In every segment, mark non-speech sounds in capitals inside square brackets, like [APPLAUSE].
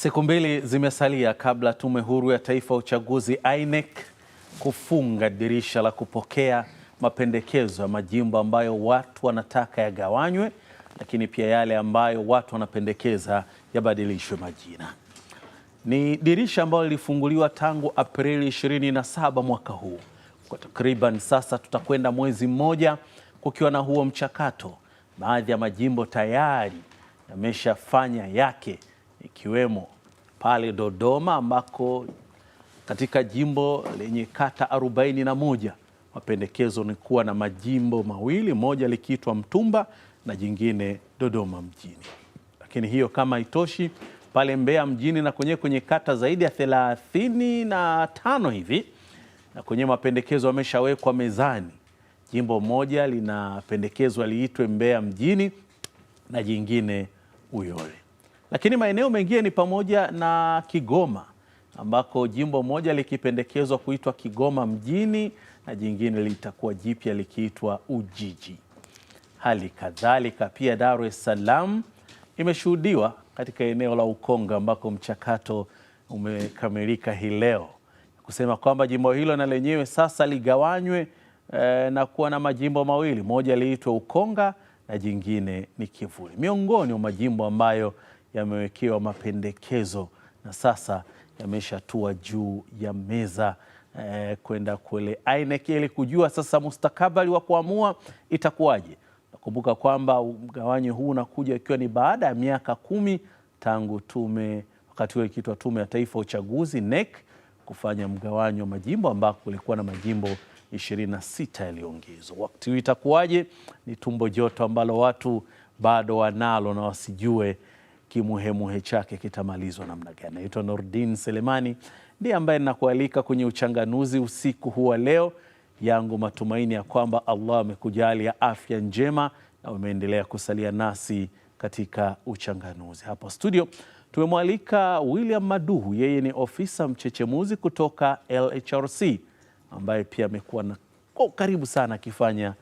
Siku mbili zimesalia kabla Tume Huru ya Taifa ya Uchaguzi INEC kufunga dirisha la kupokea mapendekezo ya majimbo ambayo watu wanataka yagawanywe, lakini pia yale ambayo watu wanapendekeza yabadilishwe majina. Ni dirisha ambalo lilifunguliwa tangu Aprili 27 mwaka huu. Kwa takriban sasa tutakwenda mwezi mmoja kukiwa na huo mchakato. Baadhi ya majimbo tayari yameshafanya yake ikiwemo pale Dodoma ambako katika jimbo lenye kata arobaini na moja mapendekezo ni kuwa na majimbo mawili, moja likiitwa Mtumba na jingine Dodoma mjini. Lakini hiyo kama itoshi, pale Mbeya mjini na kwenye kwenye kata zaidi ya thelathini na tano hivi na kwenye mapendekezo ameshawekwa mezani. Jimbo moja linapendekezwa liitwe Mbeya mjini na jingine Uyole. Lakini maeneo mengine ni pamoja na Kigoma ambako jimbo moja likipendekezwa kuitwa Kigoma mjini na jingine litakuwa jipya likiitwa Ujiji. Hali kadhalika pia Dar es Salaam imeshuhudiwa katika eneo la Ukonga ambako mchakato umekamilika hii leo kusema kwamba jimbo hilo na lenyewe sasa ligawanywe eh, na kuwa na majimbo mawili, moja liitwe Ukonga na jingine ni Kivule, miongoni mwa majimbo ambayo yamewekewa mapendekezo na sasa yameshatua juu ya meza eh, kwenda kule INEC ili kujua sasa mustakabali wa kuamua itakuwaje. Nakumbuka kwamba mgawanyo huu unakuja ikiwa ni baada ya miaka kumi tangu tume wakati huo ikiitwa Tume ya Taifa ya Uchaguzi NEC kufanya mgawanyo wa majimbo ambako kulikuwa na majimbo 26 yaliyoongezwa. Wakati huu itakuwaje? Ni tumbo joto ambalo watu bado wanalo na wasijue kimuhemuhe chake kitamalizwa namna gani. Naitwa Nordin Selemani, ndiye ambaye ninakualika kwenye uchanganuzi usiku huu wa leo. Yangu matumaini ya kwamba Allah amekujalia afya njema na umeendelea kusalia nasi katika uchanganuzi. hapo studio tumemwalika William Maduhu, yeye ni ofisa mchechemuzi kutoka LHRC ambaye pia amekuwa na karibu sana akifanya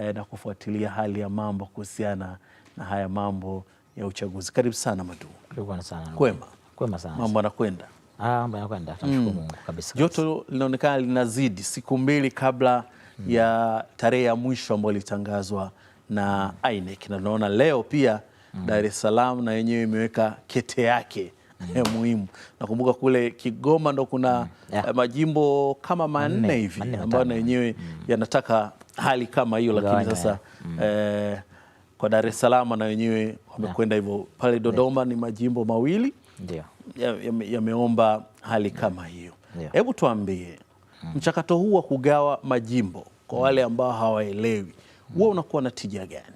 eh, na kufuatilia hali ya mambo kuhusiana na haya mambo ya uchaguzi. Karibu sana Madu. Karibu sana. Kwema. Kwema sana. Mambo yanakwenda. Ah, mambo yanakwenda. mm. Mungu kabisa. Joto linaonekana linazidi siku mbili kabla mm. ya tarehe ya mwisho ambayo ilitangazwa na mm. INEC na tunaona leo pia mm. Dar es Salaam na yenyewe imeweka kete yake mm. [LAUGHS] muhimu. Nakumbuka kule Kigoma ndo kuna mm. yeah. majimbo kama manne hivi ambayo na yenyewe mm. yanataka hali kama hiyo, lakini sasa mm. eh, kwa Dar es Salaam na wenyewe wamekwenda hivyo pale Dodoma Ni majimbo mawili yameomba ya hali kama hiyo Hebu tuambie mm. mchakato huu wa kugawa majimbo kwa mm. wale ambao hawaelewi mm. wewe mm. unakuwa na tija gani?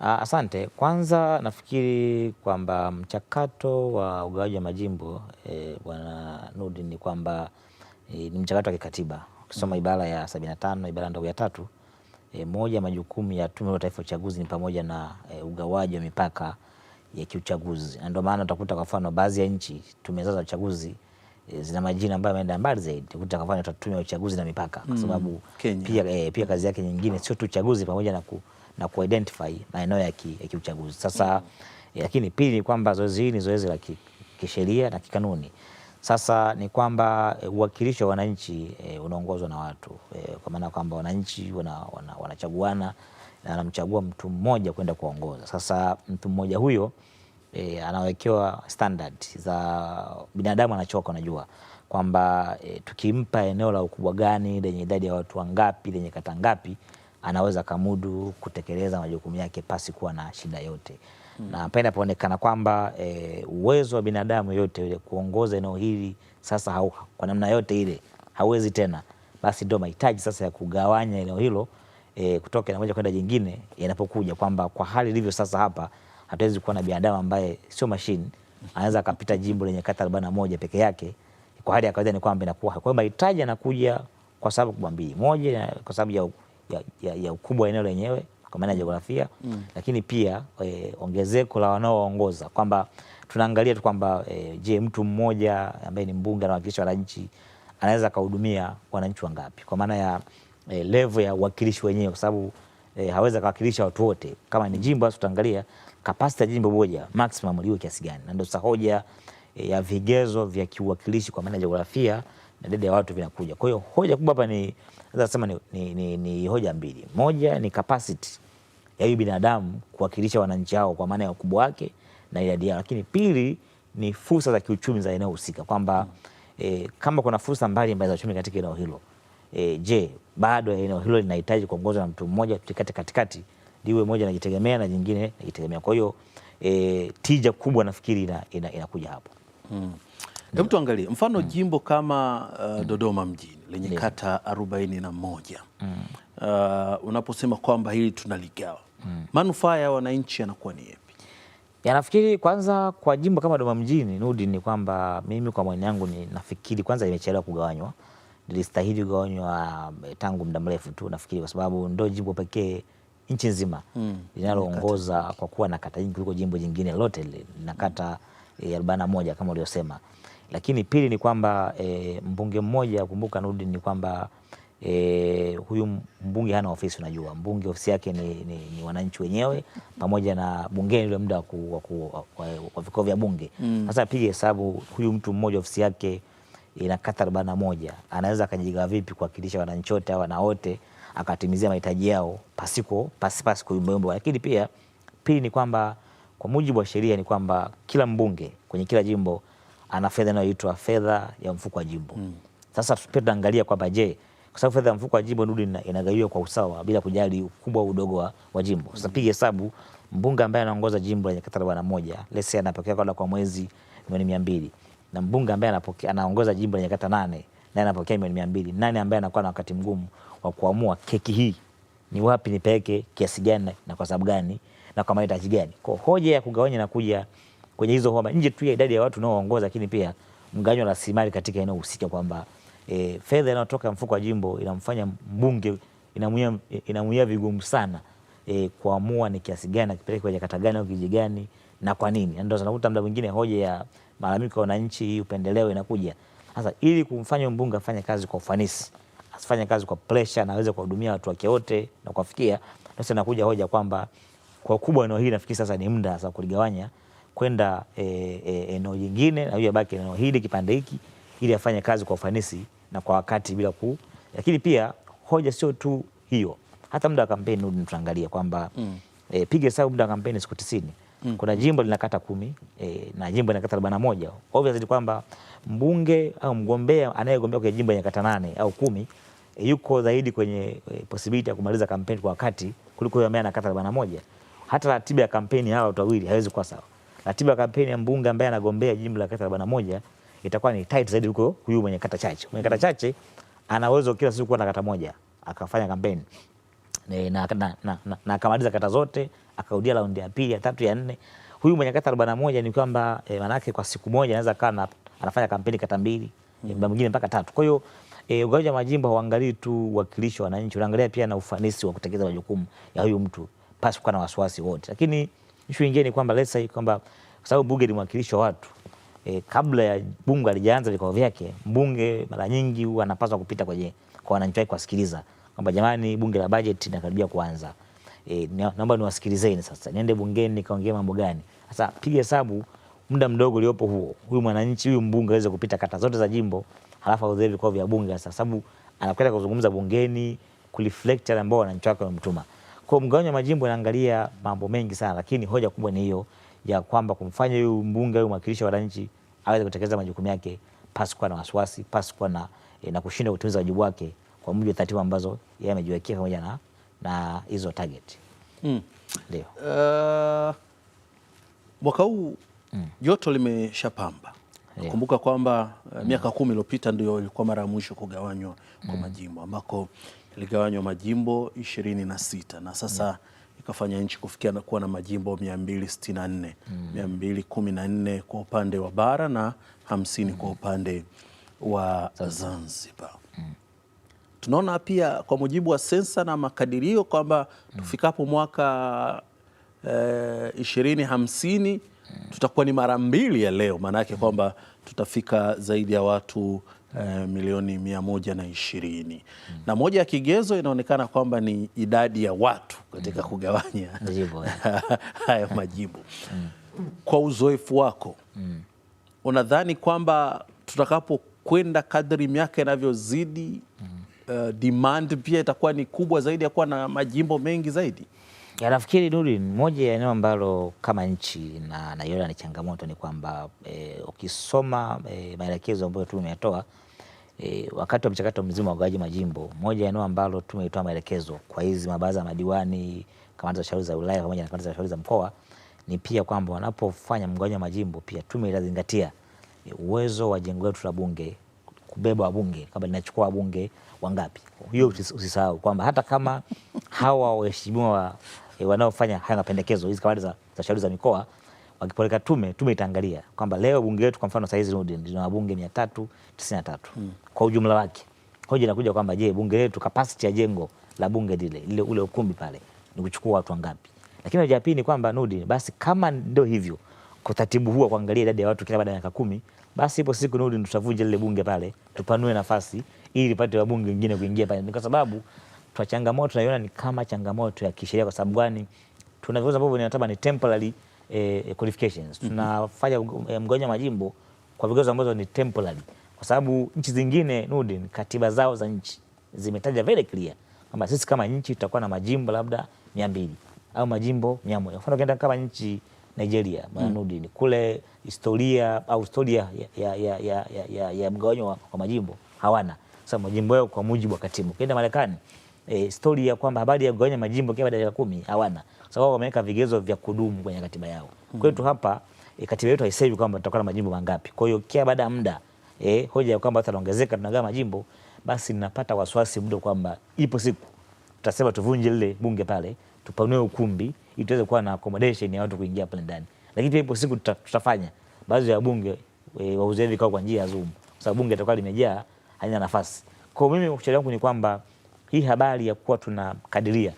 Ah, asante. Kwanza nafikiri kwamba mchakato wa ugawaji wa majimbo e, Bwana Nurdin ni kwamba e, ni mchakato wa kikatiba ukisoma mm. ibara ya 75 ibara ndogo ya tatu E, moja majukumu ya Tume ya Taifa ya Uchaguzi ni pamoja na e, ugawaji wa mipaka ya kiuchaguzi, na ndio maana utakuta kwa mfano baadhi ya nchi tume zao za uchaguzi e, zina majina ambayo yameenda mbali zaidi. Utakuta kwa mfano tume ya uchaguzi na mipaka, kwa mm, sababu mm, pia, e, pia kazi yake nyingine sio tu uchaguzi pamoja na ku, na ku identify maeneo ya kiuchaguzi sasa mm. E, lakini pili ni kwamba zoezi hili ni zoezi la kisheria na kikanuni. Sasa ni kwamba eh, uwakilishi wa wananchi e, unaongozwa na watu e, kwa maana kwamba wananchi wanachaguana wana, wana na anamchagua mtu mmoja kwenda kuongoza. Sasa mtu mmoja huyo e, anawekewa standard za binadamu, anachoka unajua kwamba e, tukimpa eneo la ukubwa gani lenye idadi ya watu wangapi lenye kata ngapi, anaweza kamudu kutekeleza majukumu yake pasi kuwa na shida yote na napenda paonekana kwamba e, uwezo wa binadamu yote ile kuongoza eneo hili sasa hau, kwa namna yote ile hauwezi tena, basi ndio mahitaji sasa ya kugawanya eneo hilo e, kutoka eneo moja kwenda jingine yanapokuja, kwamba kwa hali ilivyo sasa hapa hatuwezi kuwa na binadamu ambaye sio mashine anaweza akapita jimbo lenye kata moja peke yake. Kwa hali ya kawaida ni kwamba inakuwa kwa hiyo mahitaji yanakuja kwa sababu kubwa mbili, moja kwa sababu ya, ya, ya, ya ukubwa wa eneo lenyewe kwa maana ya jiografia mm. Lakini pia e, ongezeko la wanaoongoza kwamba tunaangalia tu kwamba e, je, mtu mmoja ambaye ni mbunge anawakilisha wananchi anaweza akahudumia wananchi wangapi, kwa maana ya e, level ya uwakilishi wenyewe, kwa sababu e, hawezi akawakilisha watu wote. Kama ni jimbo, basi tutaangalia kapasiti ya jimbo moja maximum liwe kiasi gani, na ndio sasa hoja e, ya vigezo vya kiuwakilishi kwa maana ya jiografia na idadi ya watu vinakuja. Kwa hiyo hoja kubwa hapa ni, naweza nasema ni, ni, ni, ni hoja mbili. Moja ni capacity ya huyu binadamu kuwakilisha wananchi hao kwa maana ya ukubwa wake na idadi yao, lakini pili ni fursa za kiuchumi za eneo husika kwamba e, kama kuna fursa mbalimbali za uchumi katika eneo hilo e, je, bado eneo hilo linahitaji kuongozwa na mtu mmoja tukikate katikati liwe moja najitegemea na jingine najitegemea. Kwa hiyo e, tija kubwa nafikiri inakuja ina, ina hapo hmm. Hebu tuangalie mfano hmm. jimbo kama uh, hmm. Dodoma mjini lenye kata arobaini na moja hmm. uh, unaposema kwamba hili tunaligawa mm. manufaa ya wananchi yanakuwa ni yapi? Yanafikiri kwanza kwa jimbo kama Dodoma mjini Nudi, ni kwamba mimi kwa maoni yangu nafikiri kwanza imechelewa kugawanywa, lilistahili kugawanywa eh, tangu muda mrefu tu nafikiri, kwa sababu ndo jimbo pekee nchi nzima mm. linaloongoza kwa kuwa na kata nyingi kuliko jimbo jingine lote na kata e, eh, 41 kama uliosema. Lakini pili ni kwamba e, mbunge mmoja kumbuka Nudi, ni kwamba e, huyu mbunge hana ofisi. Unajua mbunge ofisi yake ni, ni, ni wananchi wenyewe pamoja na bungeni ile muda wa vikao vya bunge mm. sasa. Mm. Pige hesabu huyu mtu mmoja ofisi yake inakata arobaini na moja anaweza akajigawa vipi kuwakilisha wananchi wote hawa na wote akatimizia mahitaji yao pasiko pasipasi kuyumbayumba. Lakini pia pili ni kwamba kwa mujibu wa sheria ni kwamba kila mbunge kwenye kila jimbo ana fedha inayoitwa fedha ya mfuko wa jimbo. Mm. Sasa pia tunaangalia kwamba je kwa sababu fedha ya mfuko wa jimbo Nudi inagawiwa kwa usawa bila kujali ukubwa au udogo wa, wa jimbo. Sasa piga hesabu, mbunge ambaye anaongoza jimbo lenye kata arobaini na moja lese anapokea kwa, kwa mwezi milioni mia mbili na mbunge ambaye anapokea anaongoza jimbo lenye kata nane naye anapokea milioni mia mbili Nani ambaye anakuwa na wakati mgumu wa kuamua keki hii ni wapi nipeke kiasi gani na kwa sababu gani na kwa mahitaji gani? Kwa hoja ya kugawanya na kuja kwenye hizo homa nje tu ya idadi ya watu unaoongoza, lakini pia mgawanyo wa rasilimali katika eneo husika kwamba e, fedha inayotoka mfuko wa jimbo inamfanya mbunge inamuia, inamuia vigumu sana e, kuamua ni kiasi gani akipeleka kwenye kata gani au kijiji gani na kwa nini. Ndio tunakuta mda mwingine hoja ya malalamiko ya wananchi, upendeleo inakuja sasa, ili kumfanya mbunge afanye kazi kwa ufanisi, asifanye kazi kwa pressure na aweze kuwahudumia watu wake wote na kuwafikia. Sasa inakuja hoja kwamba kwa kubwa eneo hili nafikiri sasa ni muda sasa kuligawanya kwenda eneo e, e, jingine na huyo abaki eneo hili kipande hiki ili afanye kazi kwa ufanisi na kwa wakati bila ku. Lakini pia hoja sio tu hiyo, hata muda wa kampeni ndio tunaangalia kwamba mm. e, piga hesabu muda wa kampeni siku tisini mm. kuna jimbo linakata kumi e, na jimbo linakata kata arobaini na moja obviously kwamba mbunge au mgombea anayegombea kwenye jimbo lenye kata nane au kumi e, yuko zaidi kwenye e, possibility ya kumaliza kampeni kwa wakati kuliko yule ambaye anakata kata arobaini na moja hata ratiba ya kampeni hawa watu wawili haiwezi kuwa sawa. Ratiba ya kampeni ya mbunge ambaye anagombea jimbo la kata arobaini na moja itakuwa ni tight zaidi huko huyu mwenye kata chache. Mwenye kata chache ana uwezo kila siku kuwa kata moja akafanya kampeni na, na, na, na, na akamaliza kata zote akarudia raundi ya pili ya tatu ya nne. Huyu mwenye kata arobaini na moja ni kwamba e, eh, manake kwa siku moja anaweza kaa anafanya kampeni kata mbili mm -hmm. mwingine mpaka tatu. Kwa hiyo e, ugawaji wa majimbo hauangalii tu uwakilishi wa wananchi, unaangalia pia na ufanisi wa kutekeleza majukumu ya huyu mtu pasi kuwa na wasiwasi wote. Lakini ishu nyingine ni kwamba let's say kwamba kwa sababu bunge ni mwakilishi wa watu e, kabla ya bunge alijaanza vikao vyake, mbunge mara nyingi huwa anapaswa kupita kwenye kwa wananchi wake kuwasikiliza kwamba jamani, bunge la bajeti linakaribia kuanza e, naomba niwasikilizeni sasa, niende bungeni nikaongea mambo gani. Sasa piga hesabu muda mdogo uliopo huo, huyu mwananchi huyu mbunge aweze kupita kata zote za jimbo, halafu ahudhurie vikao vya bunge, sasa sababu anakwenda kuzungumza bungeni kureflect ambao wananchi wake wamemtuma. Kwa mgawanyo wa majimbo inaangalia mambo mengi sana, lakini hoja kubwa ni hiyo ya kwamba kumfanya huyu mbunge huyu mwakilishi wa wananchi aweze kutekeleza majukumu yake pasi na wasiwasi, pasikuwa na, e, na kushinda kutimiza wajibu wake kwa mujibu wa taratibu ambazo yeye amejiwekea pamoja na na hizo target. Mm. Ndio. Uh, mwaka huu mm. joto limeshapamba. Nakumbuka kwamba mm. miaka kumi iliyopita ndio ilikuwa mara ya mwisho kugawanywa kwa hmm. majimbo ambako iligawanywa majimbo ishirini na sita na sasa mm ikafanya nchi kufikia na kuwa na majimbo 264 mm. 214 kwa upande wa bara na 50 mm. kwa upande wa Zanzibar mm. Tunaona pia kwa mujibu wa sensa na makadirio kwamba mm. tufikapo mwaka eh, ishirini eh, hamsini mm. tutakuwa ni mara mbili ya leo, maana yake mm. kwamba tutafika zaidi ya watu Eh, milioni mia moja na ishirini mm -hmm. na moja ya kigezo inaonekana kwamba ni idadi ya watu katika mm -hmm. kugawanya haya majibu [LAUGHS] mm -hmm. kwa uzoefu wako mm -hmm. unadhani kwamba tutakapokwenda kadri miaka inavyozidi mm -hmm. uh, demand pia itakuwa ni kubwa zaidi ya kuwa na majimbo mengi zaidi? Ya nafikiri Nurdin, moja ya eneo ambalo kama nchi na naiona ni changamoto ni kwamba e, ukisoma e, maelekezo ambayo tume imetoa e, wakati wa mchakato mzima wa ugawaji majimbo, moja ya eneo ambalo tume maelekezo kwa hizi mabaraza ya madiwani, kamati za shauri za wilaya pamoja na kamati za shauri za mkoa ni pia kwamba wanapofanya mgawanyo wa majimbo, pia tume itazingatia uwezo wa jengo letu la bunge kubeba wabunge, kama linachukua wabunge wangapi. Hiyo usisahau kwamba hata kama hawa waheshimiwa wa, e, wanaofanya haya mapendekezo hizi kamati za, za shauri za mikoa wakipeleka tume, tume itaangalia kwamba leo bunge letu kwa mfano saa hizi lina wabunge 393 mm. kwa ujumla wake hoja inakuja kwamba je, bunge letu capacity ya jengo la bunge lile ile ule ukumbi pale ni kuchukua watu wangapi? Lakini hoja ya pili ni kwamba Nurdin, basi kama ndio hivyo kwa taratibu huu kuangalia idadi ya watu kila baada ya miaka kumi, basi ipo siku Nurdin tutavunja lile bunge pale, tupanue nafasi ili pate wabunge wengine kuingia pale, kwa sababu tuna changamoto tunaiona ni kama changamoto ya kisheria. Kwa sababu gani? tunavyoza vigezo ambavyo ni nataka ni temporary eh, qualifications. Mhm. Tunafanya eh, mgawanyo wa majimbo kwa vigezo ambazo ni temporary, kwa sababu nchi zingine Nurdin, katiba zao za nchi zimetaja very clear kwamba sisi kama nchi tutakuwa na majimbo labda 200 au majimbo 100. Kwa Mfano ukienda kama nchi Nigeria mhm. Nurdin, mm. kule historia au historia ya, ya, ya, ya, ya, ya mgawanyo wa, wa majimbo hawana sasa majimbo yao kwa mujibu wa katiba. Ukienda Marekani e, eh, stori ya kwamba habari ya kugawanya majimbo kila dakika kumi hawana, sababu so, wameweka vigezo vya kudumu kwenye katiba yao. Hmm. Kwetu hapa e, katiba yetu haisemi kwamba tutakuwa na majimbo mangapi. Kwa hiyo kila baada ya muda e, hoja ya kwamba tutaongezeka wanaongezeka tunagawa majimbo, basi ninapata wasiwasi muda kwamba ipo siku tutasema tuvunje lile bunge pale, tupanue ukumbi ili tuweze kuwa na accommodation ya watu kuingia pale ndani. Lakini pia ipo siku tutafanya baadhi ya bunge e, wauzie vikao kwa njia ya Zoom, kwa sababu bunge litakuwa limejaa haina nafasi. Kwa mimi ushauri wangu ni kwamba hii habari ya kuwa tunakadiria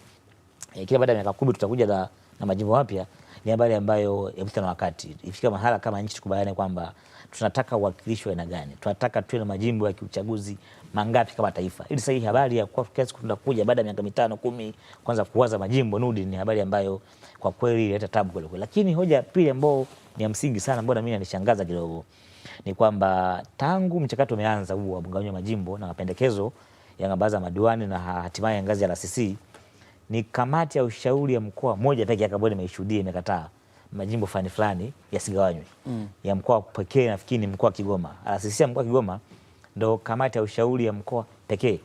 e, kila baada ya miaka kumi tutakuja na, na majimbo mapya ni habari ambayo yapita na wakati. Ifika mahala kama nchi tukubaliane kwamba tunataka uwakilishi wa aina gani, tunataka tuwe na majimbo ya kiuchaguzi mangapi kama taifa, ili sahihi habari ya kwa kiasi tunakuja baada ya miaka mitano kumi kwanza kuwaza majimbo nudi, ni habari ambayo kwa kweli ileta tabu kwelikweli. Lakini hoja pili ambayo ni ya msingi sana, ambayo na mimi inanishangaza kidogo ni kwamba tangu mchakato umeanza huo wa mgawanyo wa majimbo na mapendekezo ya mabaza madiwani na hatimaye ngazi ya RCC, ni kamati ya ushauri ya mkoa moja pekee yake ambayo nimeishuhudia imekataa majimbo fulani fulani yasigawanywe. Mm. Ya mkoa pekee nafikiri ni mkoa Kigoma. RCC ya mkoa Kigoma ndo kamati ya ushauri ya mkoa pekee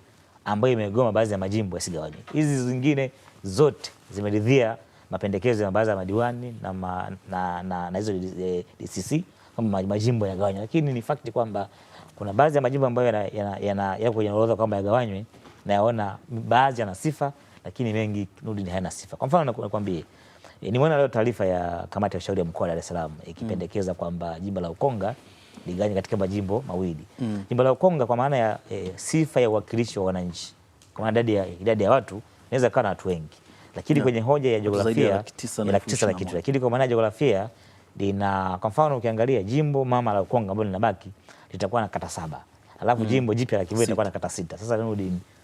ambayo imegoma baadhi ya majimbo yasigawanywe. Hizi zingine zote zimeridhia mapendekezo ya mabaraza ya madiwani na, ma, na, na, na, na hizo DCC kama majimbo yagawanywe, lakini ni fact kwamba kuna baadhi ya majimbo ambayo yako yana, yana, kwenye orodha kwamba yagawanywe na yaona baadhi yana sifa lakini mengi nudi ni hayana sifa. Kwa mfano nakwambie, eh, nimeona leo taarifa ya kamati ya ushauri ya mkoa wa Dar es Salaam mm. ikipendekeza kwamba jimbo la Ukonga ligawanywe katika majimbo mawili mm. Jimbo la Ukonga kwa maana ya e, sifa ya uwakilishi wa wananchi kwa maana idadi ya, idadi ya watu inaweza kuwa na watu wengi, lakini no. kwenye hoja ya jiografia laki tisa na kitu, lakini kwa maana ya jiografia lina kwa mfano ukiangalia jimbo mama la Ukonga ambalo linabaki litakuwa na kata saba alafu mm. jimbo jipya la Kivu litakuwa na kata sita. Sasa leo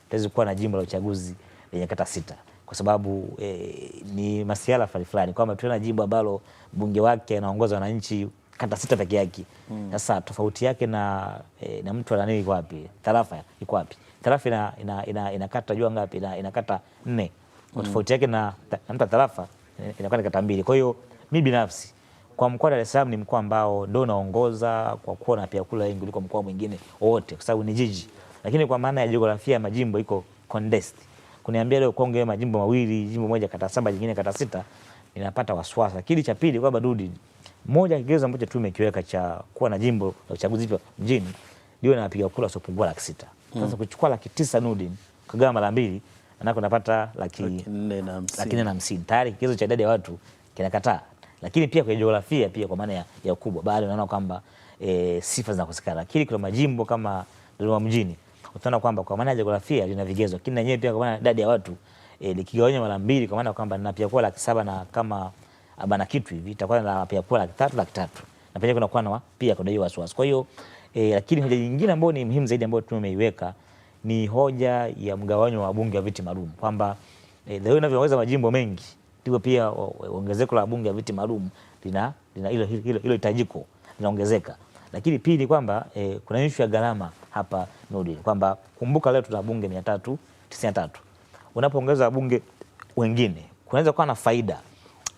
tutaweza kuwa na jimbo la uchaguzi lenye kata sita kwa sababu eh, ni masuala fulani fulani kwamba tuna jimbo ambalo bunge wake anaongoza wananchi kata sita peke yake. Mm. Sasa mm. tofauti yake na eh, na mtu anani iko wapi? Tarafa iko wapi? Tarafa ina ina, ina, ina kata jua ngapi? Ina, ina kata nne. Mm. Tofauti yake na, na mtu tarafa eh, inakuwa ni kata mbili. Kwa hiyo mimi binafsi kwa mkoa Dar es Salaam ni mkoa ambao ndio unaongoza kwa kuwa na vyakula wengi kuliko mkoa mwingine wote, kwa sababu ni jiji. Lakini kwa maana ya jiografia ya majimbo iko condensed, kuniambia leo Konge majimbo mawili, jimbo moja kata saba, jingine kata sita, ninapata wasiwasi. Lakini cha pili kwa Badudi, moja kigezo ambacho tumekiweka cha kuwa na jimbo la uchaguzi mjini ndio na wapiga kura wasiopungua laki sita. Hmm. Sasa kuchukua laki tisa Nudin kugawa mara mbili anako napata laki nne na hamsini tayari kigezo cha idadi ya watu kinakataa lakini pia kwenye jiografia pia kwa maana ya, ya ukubwa bado unaona kwamba e, sifa zinakosekana, lakini kuna majimbo kama Dodoma mjini utaona kwamba kwa maana ya jiografia lina vigezo, lakini lenyewe pia kwa maana idadi ya watu e, likigawanywa mara mbili kwa maana kwamba na pia kwa laki saba na kama bana kitu hivi itakuwa na pia kwa laki tatu laki tatu na pia kuna kwa pia kuna hiyo wasiwasi. Kwa hiyo e, lakini hoja nyingine ambayo ni muhimu zaidi ambayo tumeiweka ni hoja ya mgawanyo wa bunge wa viti maalum kwamba e, leo inavyoweza majimbo mengi ndipo pia ongezeko la bunge ya viti maalum lina lina hilo hilo hilo hitajiko linaongezeka. Lakini pili kwamba e, kuna issue ya gharama hapa Nurdin, kwamba kumbuka leo tuna bunge 393 unapoongeza bunge wengine kunaweza kuwa na faida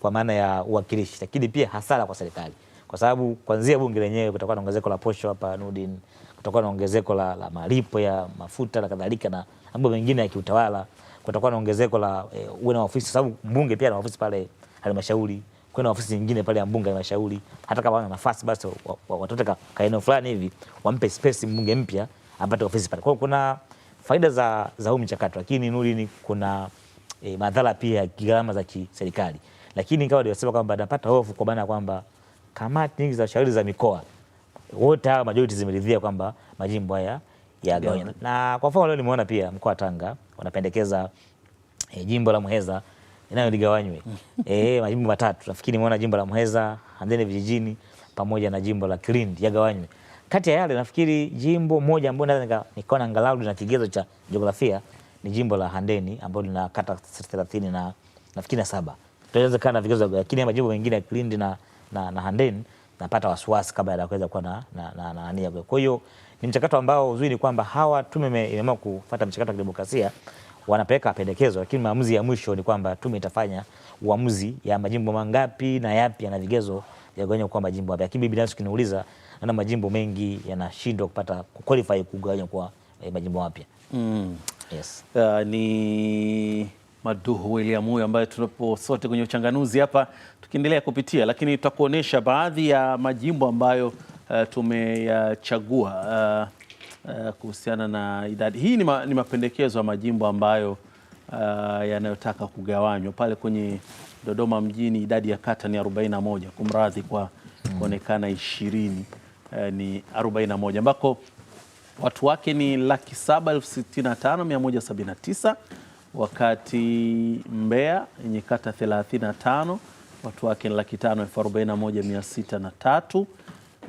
kwa maana ya uwakilishi, lakini pia hasara kwa serikali, kwa sababu kuanzia bunge lenyewe kutakuwa na ongezeko la posho hapa Nurdin, kutakuwa na ongezeko la, la malipo ya mafuta na kadhalika na mambo mengine ya kiutawala kutakuwa na ongezeko la e, uwe na ofisi, sababu mbunge pia na ofisi pale halmashauri, kwa na ofisi nyingine pale ya mbunge halmashauri. Hata kama ana nafasi basi watoto ka, ka eneo fulani hivi wampe space mbunge mpya apate ofisi pale. Kwa hiyo kuna faida za za huu mchakato, lakini nuri ni kuna e, madhara pia ya gharama za kiserikali. Lakini kama nilivyosema kwamba anapata hofu kwa maana kwamba kamati nyingi za shauri za mikoa wote hawa majority zimeridhia kwamba majimbo haya yagawanywe, na kwa mfano leo nimeona pia mkoa wa Tanga wanapendekeza e, jimbo la Muheza nayo ligawanywe [LAUGHS] e, eh, majimbo matatu nafikiri nimeona jimbo la Muheza Handeni vijijini pamoja na jimbo la Kilindi yagawanywe. Kati ya yale nafikiri jimbo moja ambalo naweza nikaona angalau lina kigezo cha jiografia ni jimbo la Handeni ambalo lina kata 30 na nafikiri na saba. Tunaweza kana vigezo lakini majimbo mengine ya Kilindi na, na, na Handeni napata wasiwasi kabla ya kuweza kuwa na, na, na, na, na na, na, na, na. Kwa hiyo ni mchakato ambao uzuri ni kwamba hawa tume imeamua kufuata mchakato wa kidemokrasia, wanapeleka pendekezo, lakini maamuzi ya mwisho ni kwamba tume itafanya uamuzi ya majimbo mangapi na yapi yana vigezo vya kugawanywa kwa majimbo yapi. Lakini binafsi kinauliza na majimbo mengi yanashindwa kupata qualify kugawanywa kwa eh, majimbo mapya mm. Yes. Uh, ni Maduhu William huyo ambaye tunapo sote kwenye uchanganuzi hapa tukiendelea kupitia, lakini tutakuonyesha baadhi ya majimbo ambayo uh, tumeyachagua uh, uh, kuhusiana na idadi hii. Ni, ma, ni mapendekezo ya majimbo ambayo uh, yanayotaka kugawanywa pale kwenye Dodoma mjini idadi ya kata ni 41, kumradhi kwa kuonekana 20 ni 41 ambako watu wake ni laki saba elfu sitini na tano mia moja sabini na tisa wakati Mbeya yenye kata 35 watu wake ni laki tano elfu arobaini na moja mia sita na tatu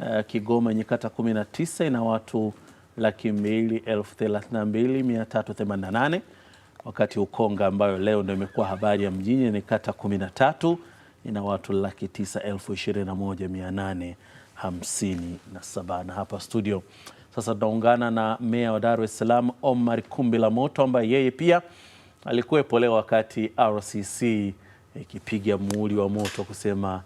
Eh, Kigoma yenye kata 19 ina watu laki mbili elfu thelathini na mbili mia tatu themanini na nane wakati Ukonga ambayo leo ndio imekuwa habari ya mjini ni kata 13 ina watu laki tisa elfu ishirini na moja mia nane hamsini na saba. Na hapa studio sasa tunaungana na meya wa Dar es Salaam Omar Kumbi la Moto ambaye yeye pia alikuwepo leo wakati RCC ikipiga muhuri wa moto kusema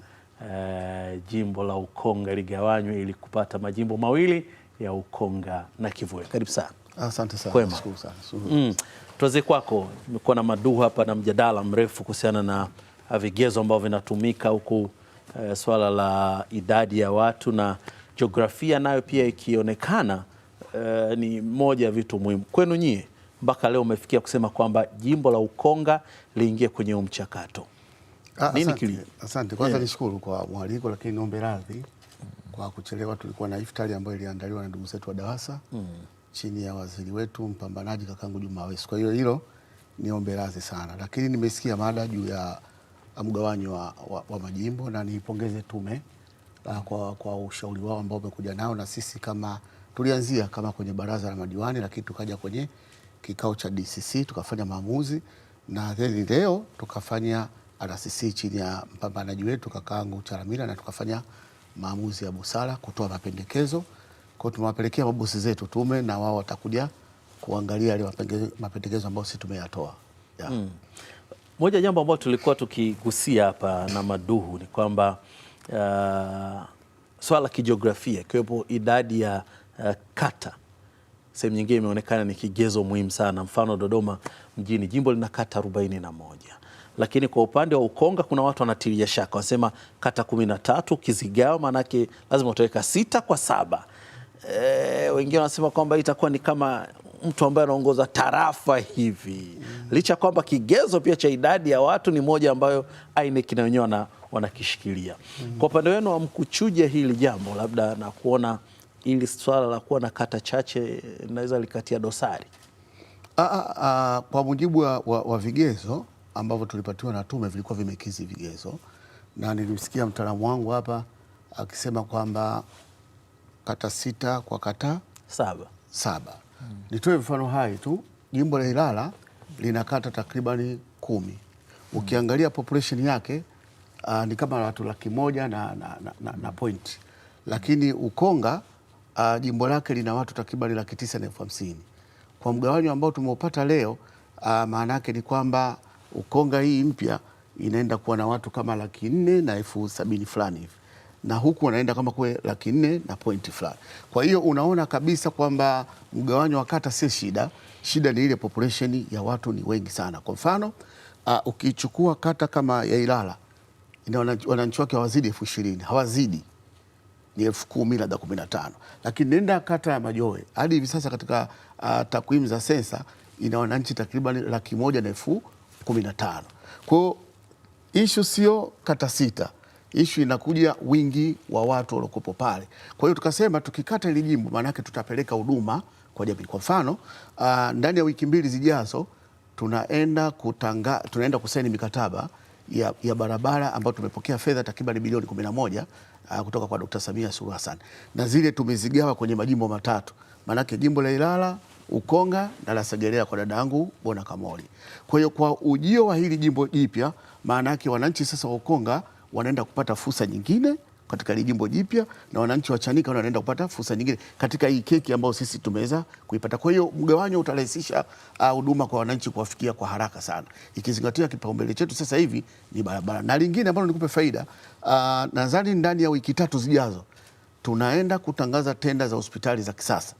Eh, jimbo la Ukonga ligawanywe ili kupata majimbo mawili ya Ukonga na kivule Karibu sana. Asante sana. Kwema. Mm. Tuanze kwako, imekuwa na maduu hapa na mjadala mrefu kuhusiana na eh, vigezo ambavyo vinatumika huku, eh, swala la idadi ya watu na jiografia nayo pia ikionekana eh, ni moja ya vitu muhimu kwenu nyie, mpaka leo umefikia kusema kwamba jimbo la Ukonga liingie kwenye huu mchakato. Ah, Nini kili? Asante kwanza, yeah. Nishukuru kwa mwaliko, lakini niombe radhi kwa kuchelewa. Tulikuwa na iftari ambayo iliandaliwa na ndugu zetu wa Dawasa mm. chini ya waziri wetu mpambanaji kakangu Juma Aweso. Kwa hiyo hilo niombe radhi sana, lakini nimesikia mada juu ya mgawanyo wa, wa, wa majimbo na niipongeze tume ah, kwa, kwa ushauri wao ambao umekuja nao, na sisi kama tulianzia kama kwenye baraza la madiwani, lakini tukaja kwenye kikao cha DCC tukafanya maamuzi na then leo tukafanya RCC chini ya mpambanaji wetu kakaangu Chalamila, na tukafanya maamuzi ya busara kutoa mapendekezo kwa, tumewapelekea mabosi zetu tume, na wao watakuja kuangalia yale mapendekezo ambayo sisi tumeyatoa yeah. mm. Moja jambo ambalo tulikuwa tukigusia hapa na Maduhu ni kwamba uh, swala la kijiografia ikiwepo idadi ya uh, kata sehemu nyingine imeonekana ni kigezo muhimu sana. Mfano Dodoma mjini jimbo lina kata 41 lakini kwa upande wa Ukonga kuna watu wanatilia shaka, wanasema kata kumi na tatu kizigao maanake lazima utaweka sita kwa saba. E, wengine wanasema kwamba itakuwa ni kama mtu ambaye anaongoza tarafa hivi mm. Licha kwamba kigezo pia cha idadi ya watu ni moja ambayo INEC na wenyewe wanakishikilia mm. Kwa upande wenu hamkuchuja hili jambo, labda na kuona ili swala la kuwa na kata chache eh, naweza likatia dosari? A, ah, a, ah, a, ah, kwa mujibu wa, wa, wa vigezo ambavyo tulipatiwa na tume vilikuwa vimekizi vigezo, na nilimsikia mtaalamu wangu hapa akisema kwamba kata sita kwa kata saba, saba. Hmm. Nitoe mfano hai tu, jimbo la Ilala lina kata takribani kumi. Hmm. Ukiangalia population yake uh, ni kama watu laki moja na, na, na, na, na point, lakini Ukonga uh, jimbo lake lina watu takribani laki tisa na elfu hamsini. Kwa mgawanyo ambao tumeupata leo uh, maana yake ni kwamba Ukonga hii mpya inaenda kuwa na watu kama laki nne na elfu sabini fulani hivi, na huku wanaenda kama kuwe laki nne na pointi fulani. Kwa hiyo unaona kabisa kwamba mgawanyo wa kata si shida, shida ni ile population ya watu ni wengi sana. Kwa mfano uh, ukichukua kata kama ya Ilala ina wananchi wake hawazidi elfu ishirini hawazidi ni elfu kumi labda kumi na tano lakini nenda kata ya Majowe hadi hivi sasa katika uh, takwimu za sensa ina wananchi takriban laki moja na elfu 15. Kwa hiyo ishu sio kata sita, ishu inakuja wingi wa watu waliokuwepo pale. Kwa hiyo tukasema tukikata hili jimbo, maanake tutapeleka huduma kwa jamii. Kwa mfano uh, ndani ya wiki mbili zijazo tunaenda kutanga, tunaenda kusaini mikataba ya, ya barabara ambayo tumepokea fedha takriban bilioni 11 uh, ah, kutoka kwa Dkt. Samia Suluhu Hassan na zile tumezigawa kwenye majimbo matatu, maanake jimbo la Ilala Ukonga na la Lasegelea kwa dada yangu Bona Kamoli. Kwa hiyo kwa ujio wa hili jimbo jipya, maana yake wananchi sasa wa Ukonga wanaenda kupata fursa nyingine katika hili jimbo jipya na wananchi wa Chanika wanaenda kupata fursa nyingine katika hii keki ambayo sisi tumeweza kuipata. Kwa hiyo mgawanyo utarahisisha ah, huduma uh, kwa wananchi kuwafikia kwa haraka sana, ikizingatia kipaumbele chetu sasa hivi ni barabara. Na lingine ambalo nikupe faida uh, nadhani ndani ya wiki tatu zijazo tunaenda kutangaza tenda za hospitali za kisasa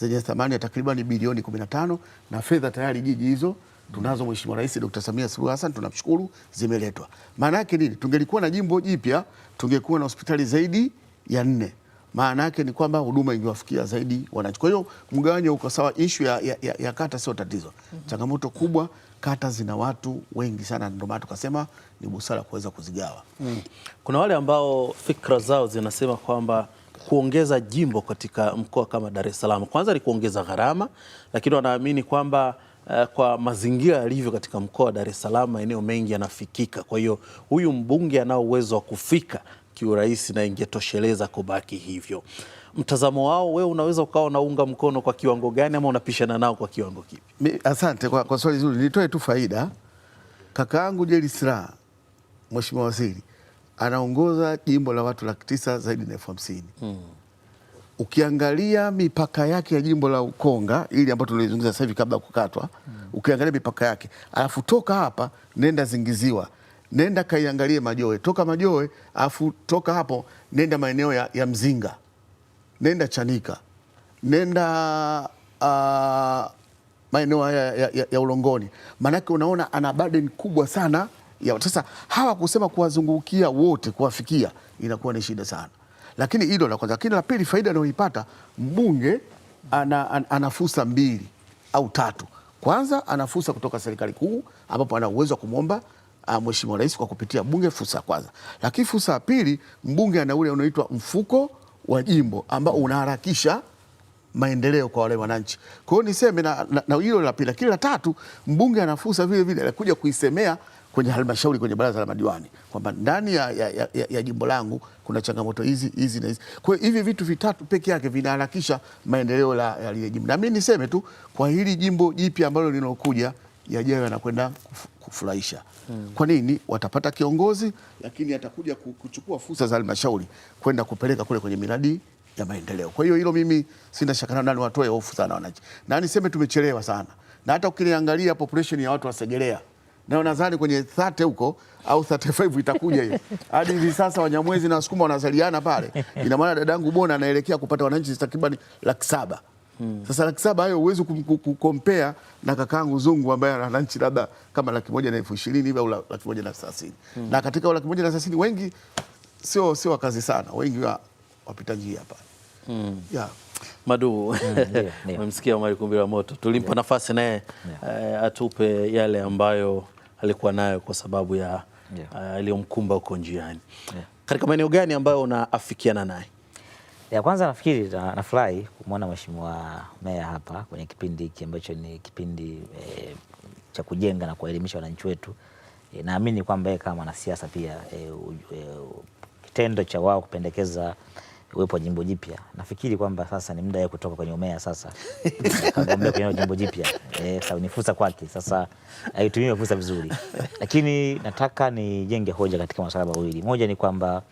zenye thamani ya takriban bilioni 15 na fedha tayari jiji hizo tunazo Mheshimiwa Rais Dr. Samia Suluhu Hassan tunamshukuru, zimeletwa. Maana yake nini? Tungelikuwa na jimbo jipya, tungekuwa na hospitali zaidi ya nne. Maana yake ni kwamba huduma ingewafikia zaidi wananchi. Kwa hiyo mgawanyo uko sawa, ishu ya, ya, ya, ya kata sio tatizo. mm -hmm. Changamoto kubwa kata zina watu wengi sana, ndio maana tukasema ni busara kuweza kuzigawa. mm. Kuna wale ambao fikra zao zinasema kwamba kuongeza jimbo katika mkoa kama Dar es Salaam. Kwanza ni kuongeza gharama, lakini wanaamini kwamba uh, kwa mazingira yalivyo katika mkoa wa Dar es Salaam maeneo mengi yanafikika. Kwa hiyo huyu mbunge anao uwezo wa kufika kiurahisi na ingetosheleza kubaki hivyo. Mtazamo wao wewe unaweza ukawa unaunga mkono kwa kiwango gani ama unapishana nao kwa kiwango kipi? Asante kwa, kwa swali zuri. Nitoe tu faida kakaangu Jerry Silaa, Mheshimiwa Waziri anaongoza jimbo la watu laki tisa zaidi na elfu hamsini mm. Ukiangalia mipaka yake ya jimbo la Ukonga ili ambayo tulizungumza sasa hivi kabla ya kukatwa mm. Ukiangalia mipaka yake, alafu toka hapa nenda Zingiziwa, nenda kaiangalie Majoe, toka Majoe alafu toka hapo nenda maeneo ya, ya Mzinga, nenda Chanika, nenda uh, maeneo haya ya, ya, ya Ulongoni, maanake unaona ana burden kubwa sana ya sasa hawa kusema kuwazungukia wote kuwafikia inakuwa ni shida sana, lakini hilo la kwanza. Lakini la pili, faida anayoipata mbunge ana, an, ana fursa mbili au tatu. Kwanza ana fursa kutoka serikali kuu ambapo ana uwezo wa kumwomba mheshimiwa rais kwa kupitia bunge, fursa ya kwanza. Lakini fursa ya pili, mbunge ana ule unaoitwa mfuko wa jimbo ambao unaharakisha maendeleo kwa wale wananchi. Kwa hiyo niseme na hilo la pili, lakini la tatu, mbunge ana fursa vile vile kuja kuisemea kwenye halmashauri, kwenye baraza la madiwani kwamba ndani ya, ya, ya, ya jimbo langu kuna changamoto hizi hizi na hizi. Kwa hiyo hivi vitu vitatu peke yake vinaharakisha maendeleo la, ya lile jimbo, na mimi niseme tu kwa hili jimbo jipya ambalo linaokuja yajayo yanakwenda kufurahisha. Hmm. Kwa nini? Watapata kiongozi lakini atakuja kuchukua fursa za halmashauri kwenda kupeleka kule kwenye miradi ya maendeleo. Kwa hiyo hilo mimi sina shaka nalo, nani watoe hofu sana wananchi, na niseme tumechelewa sana, na hata ukiangalia population ya watu wa Segerea na nadhani kwenye 30 huko au 35 itakuja hiyo. [LAUGHS] Hadi hivi sasa Wanyamwezi na Wasukuma wanazaliana pale, ina maana dadangu Bona anaelekea kupata wananchi takriban laki saba. Hmm. Sasa laki saba hayo huwezi kukompea na kakaangu Zungu ambaye ana wananchi labda kama laki moja na elfu ishirini hivi au laki moja na elfu thelathini. Hmm. Na katika laki moja na elfu thelathini wengi sio sio wakazi sana, wengi wa, wapita njia hapa. Hmm. Yeah. Madu, hmm, [LAUGHS] umemsikia Omari Kumbira Moto, tulimpa yeah. nafasi naye yeah. Uh, atupe yale ambayo alikuwa nayo kwa sababu ya yeah. Uh, aliyomkumba huko njiani yeah. Katika maeneo gani ambayo unaafikiana naye? Ya kwanza nafikiri na, nafurahi kumwona Mheshimiwa Meya hapa kwenye kipindi hiki ambacho ni kipindi e, cha kujenga na kuwaelimisha wananchi wetu e, naamini kwamba yeye kama mwanasiasa pia e, u, e, kitendo cha wao kupendekeza uwepo wa jimbo jipya, nafikiri kwamba sasa ni muda kutoka kwenye umea sasa [LAUGHS] kagombea kwenye jimbo jipya e, eh, sababu ni fursa kwake sasa, aitumie fursa vizuri. Lakini nataka nijenge hoja katika masuala mawili. Moja ni kwamba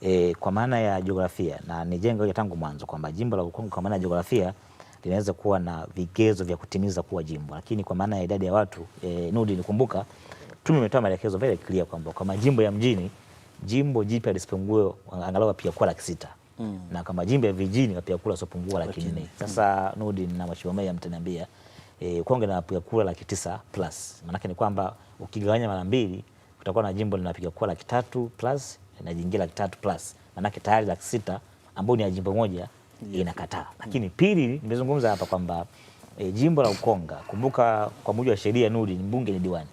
e, kwa maana ya jiografia, na nijenge hoja tangu mwanzo kwamba jimbo la Ukonga kwa maana ya jiografia linaweza kuwa na vigezo vya kutimiza kuwa jimbo, lakini kwa maana ya idadi ya watu e, Nudi, nikumbuka tume imetoa maelekezo very clear kwamba kwa majimbo ya mjini jimbo jipya lisipungue angalau pia kuwa laki sita mm. na kama jimbo ya vijijini wapiga kura wasiopungua laki nne. Sasa mm. Nurdin na Mheshimiwa Meya mtaniambia e, eh, Konge na wapiga kura laki tisa plus, maanake ni kwamba ukigawanya mara mbili utakuwa na jimbo linapiga kura laki tatu plus na jingine laki tatu plus, maanake tayari laki sita ambayo ni ya jimbo moja inakataa. Mm. Lakini pili, nimezungumza hapa kwamba e, jimbo la Ukonga, kumbuka kwa mujibu wa sheria Nurdin, mbunge ni diwani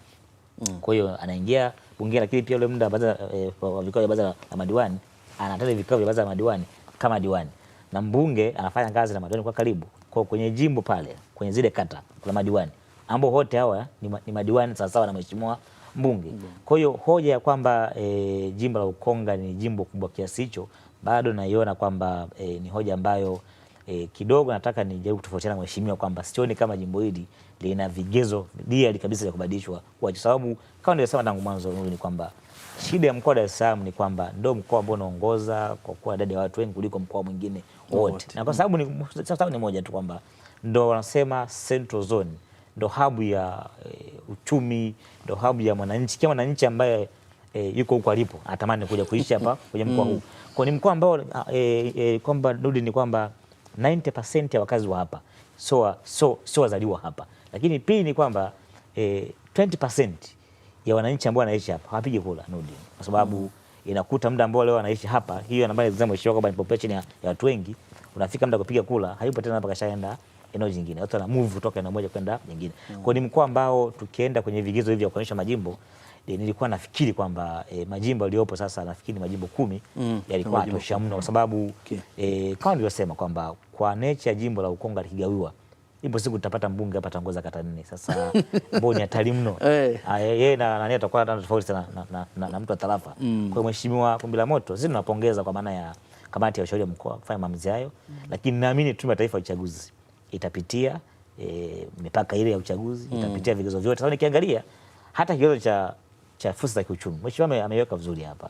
mm. kwa hiyo anaingia bunge, lakini pia ule muda eh, wa vikao vya baraza la madiwani anataja vikao vya baraza la madiwani kama diwani na mbunge anafanya kazi na madiwani kwa karibu, kwa kwenye jimbo pale kwenye zile kata kuna madiwani ambao wote hawa ni, ma, ni madiwani sawasawa na mheshimiwa mbunge. Mm. Kwa hiyo hoja ya kwamba e, jimbo la Ukonga ni jimbo kubwa kiasi hicho bado naiona kwamba e, ni hoja ambayo e, kidogo nataka nijaribu kutofautiana na mheshimiwa kwamba sioni kama jimbo hili lina vigezo diali kabisa vya kubadilishwa, kwa sababu kama nilivyosema tangu mwanzo ni kwamba Shida ya mkoa wa Dar es Salaam ni kwamba ndio mkoa ambao unaongoza kwa kuwa idadi ya watu wengi kuliko mkoa mwingine wote, na kwa sababu ni, sababu ni moja tu kwamba ndo wanasema Central Zone ndo habu ya e, uchumi ndo habu ya mwananchi. Kila mwananchi ambaye e, yuko huko alipo atamani kuja kuishi hapa [COUGHS] kwenye mkoa huu, kwa ni mkoa ambao e, e, kwamba rudi ni kwamba 90% ya wakazi wa hapa so so so wazaliwa hapa, lakini pili ni kwamba e, 20% ya wananchi ambao wanaishi hapa hawapigi kura Nurdin, kwa sababu mm. inakuta muda ambao leo wanaishi hapa, hiyo namba ya mheshimiwa kwamba ni population ya, ya watu wengi, unafika muda kupiga kura hayupo tena, hapa kashaenda eneo jingine, watu wana move kutoka eneo moja kwenda nyingine mm. kwa ni mkoa ambao tukienda kwenye vigezo hivi vya kuonyesha majimbo e, nilikuwa nafikiri kwamba e, majimbo yaliyopo sasa nafikiri majimbo kumi mm. yalikuwa tosha mno, kwa sababu okay. e, kama nilivyosema kwamba kwa nature jimbo la Ukonga likigawiwa ipo siku tutapata mbunge hapa atangoza kata nne. Sasa ambao [LAUGHS] ni hatari mno yeye eh. ah, na nani atakuwa na tofauti sana na na, na, na mtu wa tarafa. mm. Kwa Mheshimiwa Kumbila Moto, sisi tunapongeza kwa maana ya kamati ya ushauri wa mkoa kufanya maamuzi hayo, mm. lakini naamini Tume ya Taifa ya Uchaguzi itapitia e, mipaka ile ya uchaguzi mm. itapitia vigezo vyote. Sasa nikiangalia hata kigezo cha cha fursa za kiuchumi mheshimiwa ameweka vizuri hapa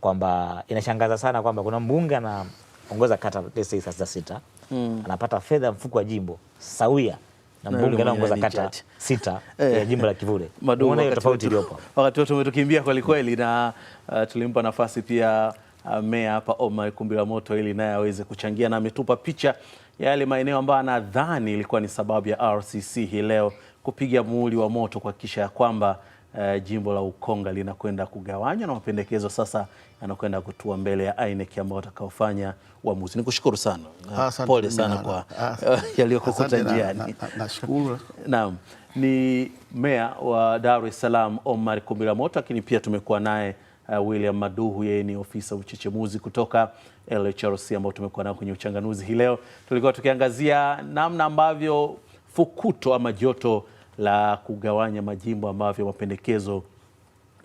kwamba inashangaza sana kwamba kuna mbunge anaongoza kata sasa sita mm. anapata fedha mfuko wa jimbo sawia na mbunge anaongoza kata sita ya [LAUGHS] eh. eh, jimbo la Kivule. Unaona hiyo tofauti iliyopo. Wakati wote umetukimbia kweli kweli, na uh, tulimpa nafasi pia uh, meya hapa Omar Kumbila Moto ili naye aweze kuchangia, na ametupa picha ya yale maeneo ambayo anadhani ilikuwa ni sababu ya RCC hii leo kupiga muhuri wa moto kuhakikisha ya kwamba uh, jimbo la Ukonga linakwenda kugawanywa na mapendekezo sasa yanakwenda kutua mbele ya INEC ambao watakaofanya uamuzi. Nikushukuru sana, pole sana kwa eh, [LAUGHS] yaliyokukuta njiani. Nashukuru. [LAUGHS] Naam, ni meya wa Dar es Salaam Omar Moto, lakini pia tumekuwa naye Uh, William Maduhu yeye ni ofisa uchechemuzi kutoka LHRC ambao tumekuwa nao kwenye uchanganuzi hii leo. Tulikuwa tukiangazia namna ambavyo fukuto ama joto la kugawanya majimbo ambavyo mapendekezo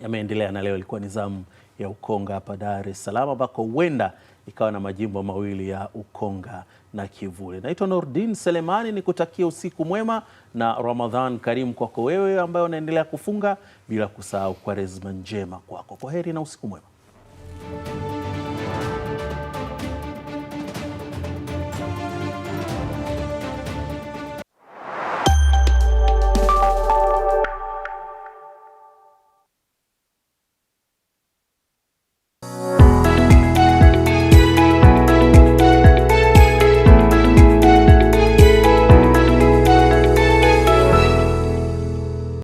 yameendelea, na leo ilikuwa ni zamu ya Ukonga hapa Dar es Salaam, ambako huenda ikawa na majimbo mawili ya Ukonga na Kivule. Naitwa Nordin Selemani, ni kutakia usiku mwema na Ramadhan karimu kwako wewe ambayo unaendelea kufunga, bila kusahau Kwaresma njema kwako. Kwa heri na usiku mwema.